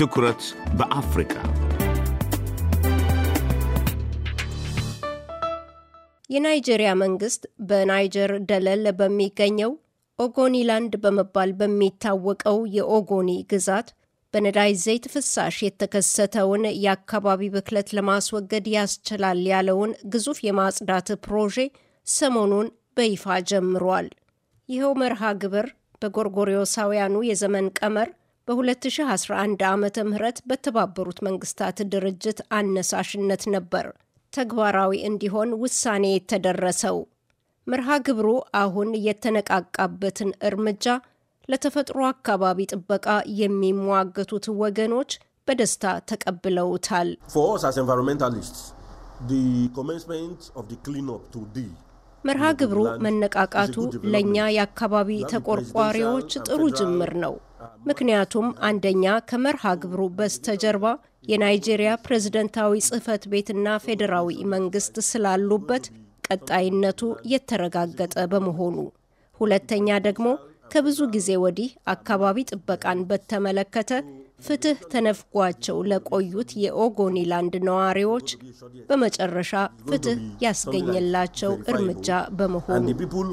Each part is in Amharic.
ትኩረት በአፍሪካ የናይጄሪያ መንግስት በናይጀር ደለል በሚገኘው ኦጎኒላንድ በመባል በሚታወቀው የኦጎኒ ግዛት በነዳጅ ዘይት ፍሳሽ የተከሰተውን የአካባቢ ብክለት ለማስወገድ ያስችላል ያለውን ግዙፍ የማጽዳት ፕሮጄ ሰሞኑን በይፋ ጀምሯል። ይኸው መርሃ ግብር በጎርጎሪዮሳውያኑ የዘመን ቀመር በ2011 ዓ ም በተባበሩት መንግስታት ድርጅት አነሳሽነት ነበር ተግባራዊ እንዲሆን ውሳኔ የተደረሰው። መርሃ ግብሩ አሁን የተነቃቃበትን እርምጃ ለተፈጥሮ አካባቢ ጥበቃ የሚሟገቱት ወገኖች በደስታ ተቀብለውታል። መርሃ ግብሩ መነቃቃቱ ለእኛ የአካባቢ ተቆርቋሪዎች ጥሩ ጅምር ነው። ምክንያቱም አንደኛ ከመርሃ ግብሩ በስተጀርባ የናይጄሪያ ፕሬዝደንታዊ ጽህፈት ቤትና ፌዴራዊ መንግስት ስላሉበት ቀጣይነቱ የተረጋገጠ በመሆኑ፣ ሁለተኛ ደግሞ ከብዙ ጊዜ ወዲህ አካባቢ ጥበቃን በተመለከተ ፍትህ ተነፍጓቸው ለቆዩት የኦጎኒላንድ ነዋሪዎች በመጨረሻ ፍትህ ያስገኘላቸው እርምጃ በመሆኑ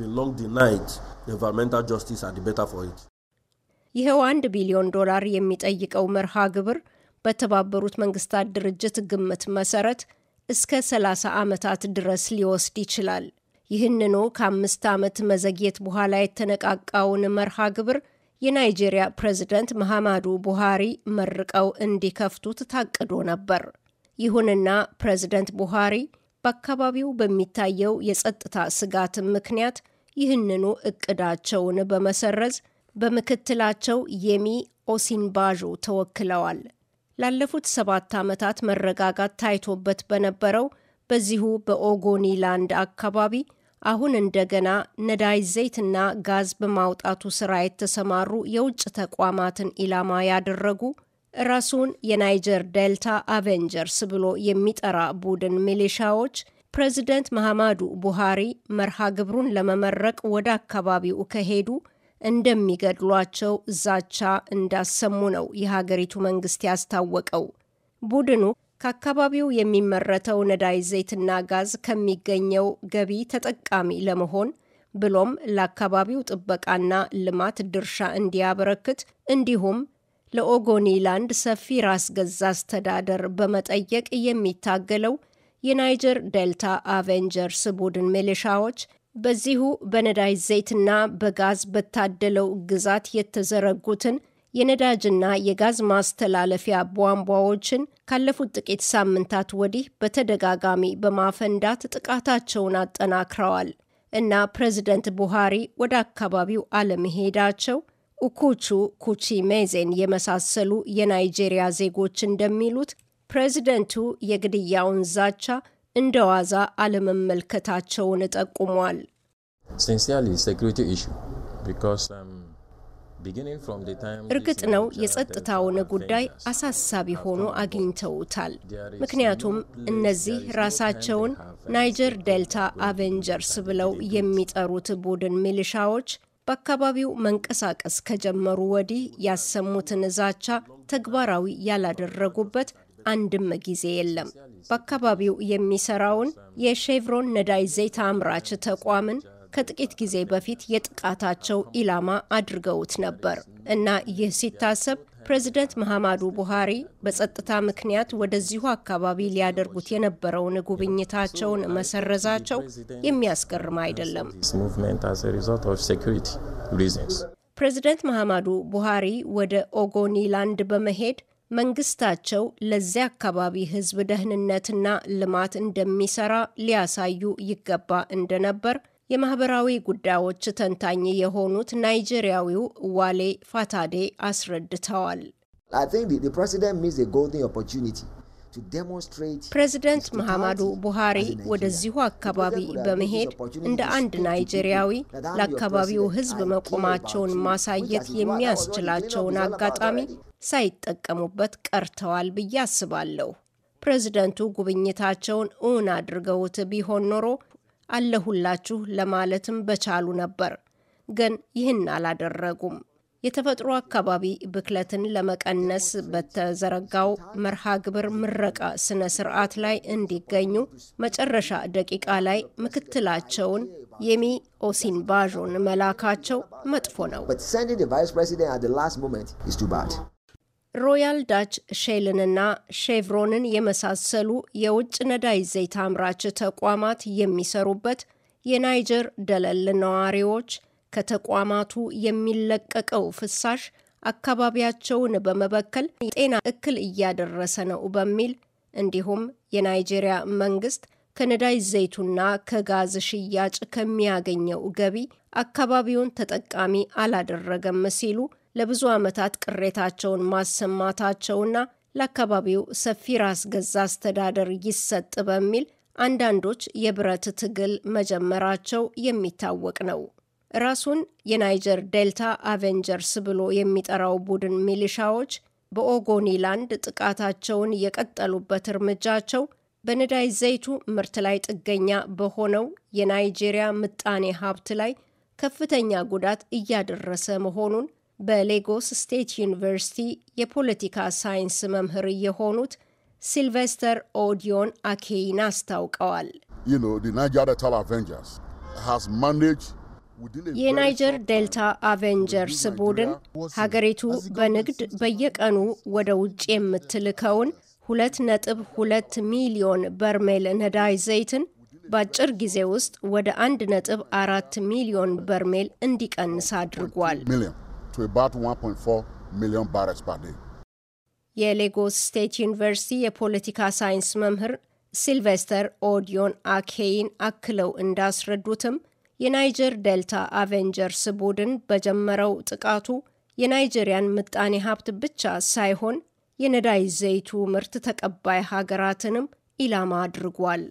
been long denied environmental justice and the better for it. ይኸው አንድ ቢሊዮን ዶላር የሚጠይቀው መርሃ ግብር በተባበሩት መንግስታት ድርጅት ግምት መሰረት እስከ 30 ዓመታት ድረስ ሊወስድ ይችላል። ይህንኑ ከአምስት ዓመት መዘግየት በኋላ የተነቃቃውን መርሃ ግብር የናይጄሪያ ፕሬዝደንት መሐማዱ ቡሃሪ መርቀው እንዲከፍቱት ታቅዶ ነበር። ይሁንና ፕሬዝደንት ቡሃሪ በአካባቢው በሚታየው የጸጥታ ስጋት ምክንያት ይህንኑ እቅዳቸውን በመሰረዝ በምክትላቸው የሚ ኦሲንባዦ ተወክለዋል። ላለፉት ሰባት ዓመታት መረጋጋት ታይቶበት በነበረው በዚሁ በኦጎኒላንድ አካባቢ አሁን እንደገና ነዳጅ ዘይትና ጋዝ በማውጣቱ ስራ የተሰማሩ የውጭ ተቋማትን ኢላማ ያደረጉ ራሱን የናይጀር ዴልታ አቬንጀርስ ብሎ የሚጠራ ቡድን ሚሊሻዎች ፕሬዚደንት መሐማዱ ቡሃሪ መርሃ ግብሩን ለመመረቅ ወደ አካባቢው ከሄዱ እንደሚገድሏቸው ዛቻ እንዳሰሙ ነው የሀገሪቱ መንግስት ያስታወቀው። ቡድኑ ከአካባቢው የሚመረተው ነዳይ ዘይትና ጋዝ ከሚገኘው ገቢ ተጠቃሚ ለመሆን ብሎም ለአካባቢው ጥበቃና ልማት ድርሻ እንዲያበረክት እንዲሁም ለኦጎኒላንድ ሰፊ ራስ ገዛ አስተዳደር በመጠየቅ የሚታገለው የናይጀር ዴልታ አቬንጀርስ ቡድን ሚሊሻዎች በዚሁ በነዳጅ ዘይትና በጋዝ በታደለው ግዛት የተዘረጉትን የነዳጅና የጋዝ ማስተላለፊያ ቧንቧዎችን ካለፉት ጥቂት ሳምንታት ወዲህ በተደጋጋሚ በማፈንዳት ጥቃታቸውን አጠናክረዋል እና ፕሬዚደንት ቡሃሪ ወደ አካባቢው አለመሄዳቸው ኡኩቹ ሜዜን የመሳሰሉ የናይጄሪያ ዜጎች እንደሚሉት ፕሬዝደንቱ የግድያውን ዛቻ እንደ ዋዛ አለመመልከታቸውን ጠቁሟል። um, እርግጥ ነው የጸጥታውን uh, ጉዳይ አሳሳቢ ሆኖ አግኝተውታል። ምክንያቱም እነዚህ ራሳቸውን ናይጀር ዴልታ አቬንጀርስ ብለው የሚጠሩት ቡድን ሚሊሻዎች በአካባቢው መንቀሳቀስ ከጀመሩ ወዲህ ያሰሙትን ዛቻ ተግባራዊ ያላደረጉበት አንድም ጊዜ የለም። በአካባቢው የሚሰራውን የሼቭሮን ነዳጅ ዘይት አምራች ተቋምን ከጥቂት ጊዜ በፊት የጥቃታቸው ኢላማ አድርገውት ነበር እና ይህ ሲታሰብ ፕሬዚደንት መሐማዱ ቡሃሪ በጸጥታ ምክንያት ወደዚሁ አካባቢ ሊያደርጉት የነበረውን ጉብኝታቸውን መሰረዛቸው የሚያስገርም አይደለም። ፕሬዚደንት መሐማዱ ቡሃሪ ወደ ኦጎኒላንድ በመሄድ መንግስታቸው ለዚያ አካባቢ ህዝብ ደህንነትና ልማት እንደሚሰራ ሊያሳዩ ይገባ እንደነበር የማህበራዊ ጉዳዮች ተንታኝ የሆኑት ናይጄሪያዊው ዋሌ ፋታዴ አስረድተዋል። ፕሬዚደንት መሐማዱ ቡሃሪ ወደዚሁ አካባቢ በመሄድ እንደ አንድ ናይጄሪያዊ ለአካባቢው ሕዝብ መቆማቸውን ማሳየት የሚያስችላቸውን አጋጣሚ ሳይጠቀሙበት ቀርተዋል ብዬ አስባለሁ። ፕሬዚደንቱ ጉብኝታቸውን እውን አድርገውት ቢሆን ኖሮ አለሁላችሁ ለማለትም በቻሉ ነበር። ግን ይህን አላደረጉም። የተፈጥሮ አካባቢ ብክለትን ለመቀነስ በተዘረጋው መርሃ ግብር ምረቃ ስነ ስርዓት ላይ እንዲገኙ መጨረሻ ደቂቃ ላይ ምክትላቸውን የሚ ባዦን መላካቸው መጥፎ ነው። ሮያል ዳች ሼልንና ሼቭሮንን የመሳሰሉ የውጭ ነዳጅ ዘይት አምራች ተቋማት የሚሰሩበት የናይጀር ደለል ነዋሪዎች ከተቋማቱ የሚለቀቀው ፍሳሽ አካባቢያቸውን በመበከል የጤና እክል እያደረሰ ነው በሚል እንዲሁም የናይጄሪያ መንግስት ከነዳጅ ዘይቱና ከጋዝ ሽያጭ ከሚያገኘው ገቢ አካባቢውን ተጠቃሚ አላደረገም ሲሉ ለብዙ ዓመታት ቅሬታቸውን ማሰማታቸውና ለአካባቢው ሰፊ ራስ ገዛ አስተዳደር ይሰጥ በሚል አንዳንዶች የብረት ትግል መጀመራቸው የሚታወቅ ነው። ራሱን የናይጀር ዴልታ አቬንጀርስ ብሎ የሚጠራው ቡድን ሚሊሻዎች በኦጎኒላንድ ጥቃታቸውን የቀጠሉበት እርምጃቸው በነዳጅ ዘይቱ ምርት ላይ ጥገኛ በሆነው የናይጄሪያ ምጣኔ ሀብት ላይ ከፍተኛ ጉዳት እያደረሰ መሆኑን በሌጎስ ስቴት ዩኒቨርሲቲ የፖለቲካ ሳይንስ መምህር የሆኑት ሲልቨስተር ኦዲዮን አኬይን አስታውቀዋል። የናይጀር ዴልታ አቬንጀርስ ቡድን ሀገሪቱ በንግድ በየቀኑ ወደ ውጭ የምትልከውን 2.2 ሚሊዮን በርሜል ነዳጅ ዘይትን በአጭር ጊዜ ውስጥ ወደ 1.4 ሚሊዮን በርሜል እንዲቀንስ አድርጓል። to about 1.4 million barrels per day. የሌጎስ ስቴት ዩኒቨርሲቲ የፖለቲካ ሳይንስ መምህር ሲልቨስተር ኦዲዮን አኬይን አክለው እንዳስረዱትም የናይጀር ዴልታ አቬንጀርስ ቡድን በጀመረው ጥቃቱ የናይጀሪያን ምጣኔ ሀብት ብቻ ሳይሆን የነዳጅ ዘይቱ ምርት ተቀባይ ሀገራትንም ኢላማ አድርጓል።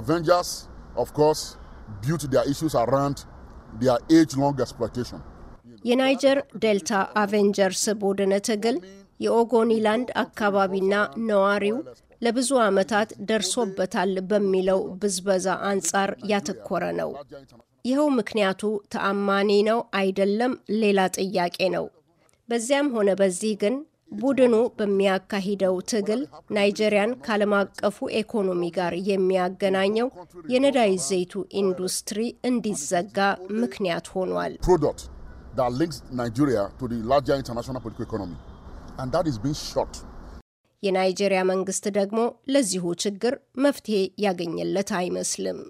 አቬንጀርስ ኦፍ ኮርስ ቢውት ኢሹስ አራውንድ ኤጅ ሎንግ ኤክስፕሎይቴሽን የናይጀር ዴልታ አቬንጀርስ ቡድን ትግል የኦጎኒላንድ አካባቢና ነዋሪው ለብዙ ዓመታት ደርሶበታል በሚለው ብዝበዛ አንጻር ያተኮረ ነው። ይኸው ምክንያቱ ተአማኒ ነው አይደለም ሌላ ጥያቄ ነው። በዚያም ሆነ በዚህ ግን ቡድኑ በሚያካሂደው ትግል ናይጄሪያን ከዓለም አቀፉ ኢኮኖሚ ጋር የሚያገናኘው የነዳጅ ዘይቱ ኢንዱስትሪ እንዲዘጋ ምክንያት ሆኗል። that links Nigeria to the larger international political economy. And that is being shot. የናይጄሪያ መንግስት ደግሞ ለዚሁ ችግር መፍትሄ ያገኘለት አይመስልም።